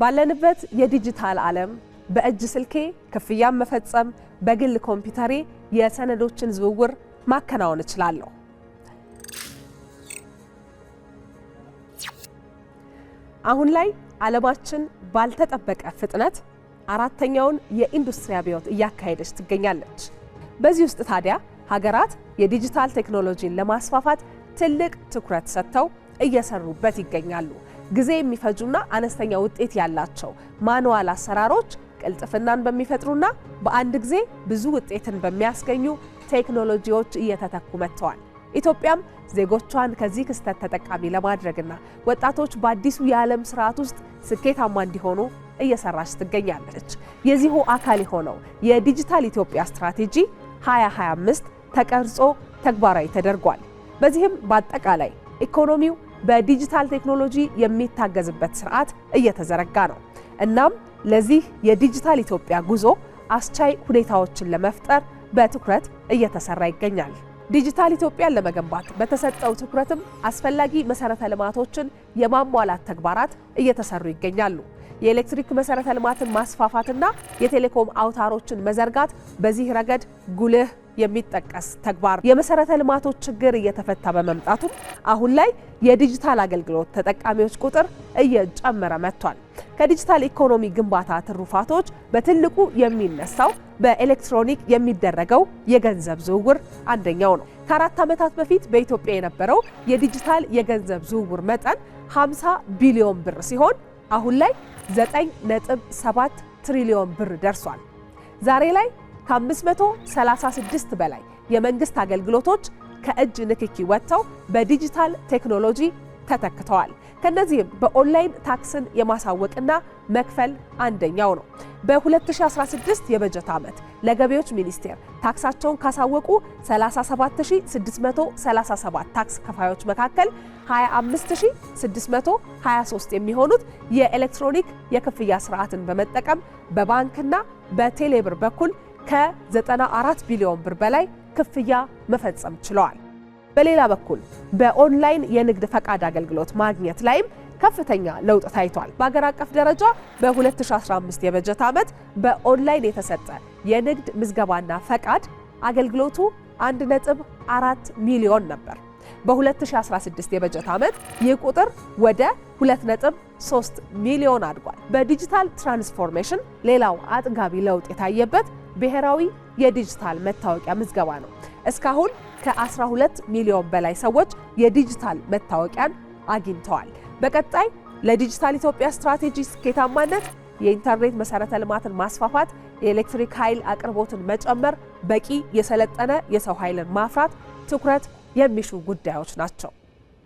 ባለንበት የዲጂታል ዓለም በእጅ ስልኬ ክፍያ መፈጸም፣ በግል ኮምፒውተሬ የሰነዶችን ዝውውር ማከናወን እችላለሁ። አሁን ላይ ዓለማችን ባልተጠበቀ ፍጥነት አራተኛውን የኢንዱስትሪ አብዮት እያካሄደች ትገኛለች። በዚህ ውስጥ ታዲያ ሀገራት የዲጂታል ቴክኖሎጂን ለማስፋፋት ትልቅ ትኩረት ሰጥተው እየሰሩበት ይገኛሉ። ጊዜ የሚፈጁና አነስተኛ ውጤት ያላቸው ማንዋል አሰራሮች ቅልጥፍናን በሚፈጥሩና በአንድ ጊዜ ብዙ ውጤትን በሚያስገኙ ቴክኖሎጂዎች እየተተኩ መጥተዋል። ኢትዮጵያም ዜጎቿን ከዚህ ክስተት ተጠቃሚ ለማድረግና ወጣቶች በአዲሱ የዓለም ስርዓት ውስጥ ስኬታማ እንዲሆኑ እየሰራች ትገኛለች። የዚሁ አካል የሆነው የዲጂታል ኢትዮጵያ ስትራቴጂ 2025 ተቀርጾ ተግባራዊ ተደርጓል። በዚህም በአጠቃላይ ኢኮኖሚው በዲጂታል ቴክኖሎጂ የሚታገዝበት ስርዓት እየተዘረጋ ነው። እናም ለዚህ የዲጂታል ኢትዮጵያ ጉዞ አስቻይ ሁኔታዎችን ለመፍጠር በትኩረት እየተሰራ ይገኛል። ዲጂታል ኢትዮጵያን ለመገንባት በተሰጠው ትኩረትም አስፈላጊ መሰረተ ልማቶችን የማሟላት ተግባራት እየተሰሩ ይገኛሉ። የኤሌክትሪክ መሰረተ ልማትን ማስፋፋትና የቴሌኮም አውታሮችን መዘርጋት በዚህ ረገድ ጉልህ የሚጠቀስ ተግባር። የመሰረተ ልማቶች ችግር እየተፈታ በመምጣቱም አሁን ላይ የዲጂታል አገልግሎት ተጠቃሚዎች ቁጥር እየጨመረ መጥቷል። ከዲጂታል ኢኮኖሚ ግንባታ ትሩፋቶች በትልቁ የሚነሳው በኤሌክትሮኒክ የሚደረገው የገንዘብ ዝውውር አንደኛው ነው። ከአራት ዓመታት በፊት በኢትዮጵያ የነበረው የዲጂታል የገንዘብ ዝውውር መጠን 50 ቢሊዮን ብር ሲሆን አሁን ላይ 9.7 ትሪሊዮን ብር ደርሷል። ዛሬ ላይ ከ536 በላይ የመንግስት አገልግሎቶች ከእጅ ንክኪ ወጥተው በዲጂታል ቴክኖሎጂ ተተክተዋል። ከነዚህም በኦንላይን ታክስን የማሳወቅና መክፈል አንደኛው ነው። በ2016 የበጀት ዓመት ለገቢዎች ሚኒስቴር ታክሳቸውን ካሳወቁ 37637 ታክስ ከፋዮች መካከል 25623 የሚሆኑት የኤሌክትሮኒክ የክፍያ ስርዓትን በመጠቀም በባንክና በቴሌብር በኩል ከ94 ቢሊዮን ብር በላይ ክፍያ መፈጸም ችለዋል። በሌላ በኩል በኦንላይን የንግድ ፈቃድ አገልግሎት ማግኘት ላይም ከፍተኛ ለውጥ ታይቷል። በሀገር አቀፍ ደረጃ በ2015 የበጀት ዓመት በኦንላይን የተሰጠ የንግድ ምዝገባና ፈቃድ አገልግሎቱ 1.4 ሚሊዮን ነበር። በ2016 የበጀት ዓመት ይህ ቁጥር ወደ 2.3 ሚሊዮን አድጓል። በዲጂታል ትራንስፎርሜሽን ሌላው አጥጋቢ ለውጥ የታየበት ብሔራዊ የዲጂታል መታወቂያ ምዝገባ ነው። እስካሁን ከ12 ሚሊዮን በላይ ሰዎች የዲጂታል መታወቂያን አግኝተዋል። በቀጣይ ለዲጂታል ኢትዮጵያ ስትራቴጂ ስኬታማነት የኢንተርኔት መሰረተ ልማትን ማስፋፋት፣ የኤሌክትሪክ ኃይል አቅርቦትን መጨመር፣ በቂ የሰለጠነ የሰው ኃይልን ማፍራት ትኩረት የሚሹ ጉዳዮች ናቸው።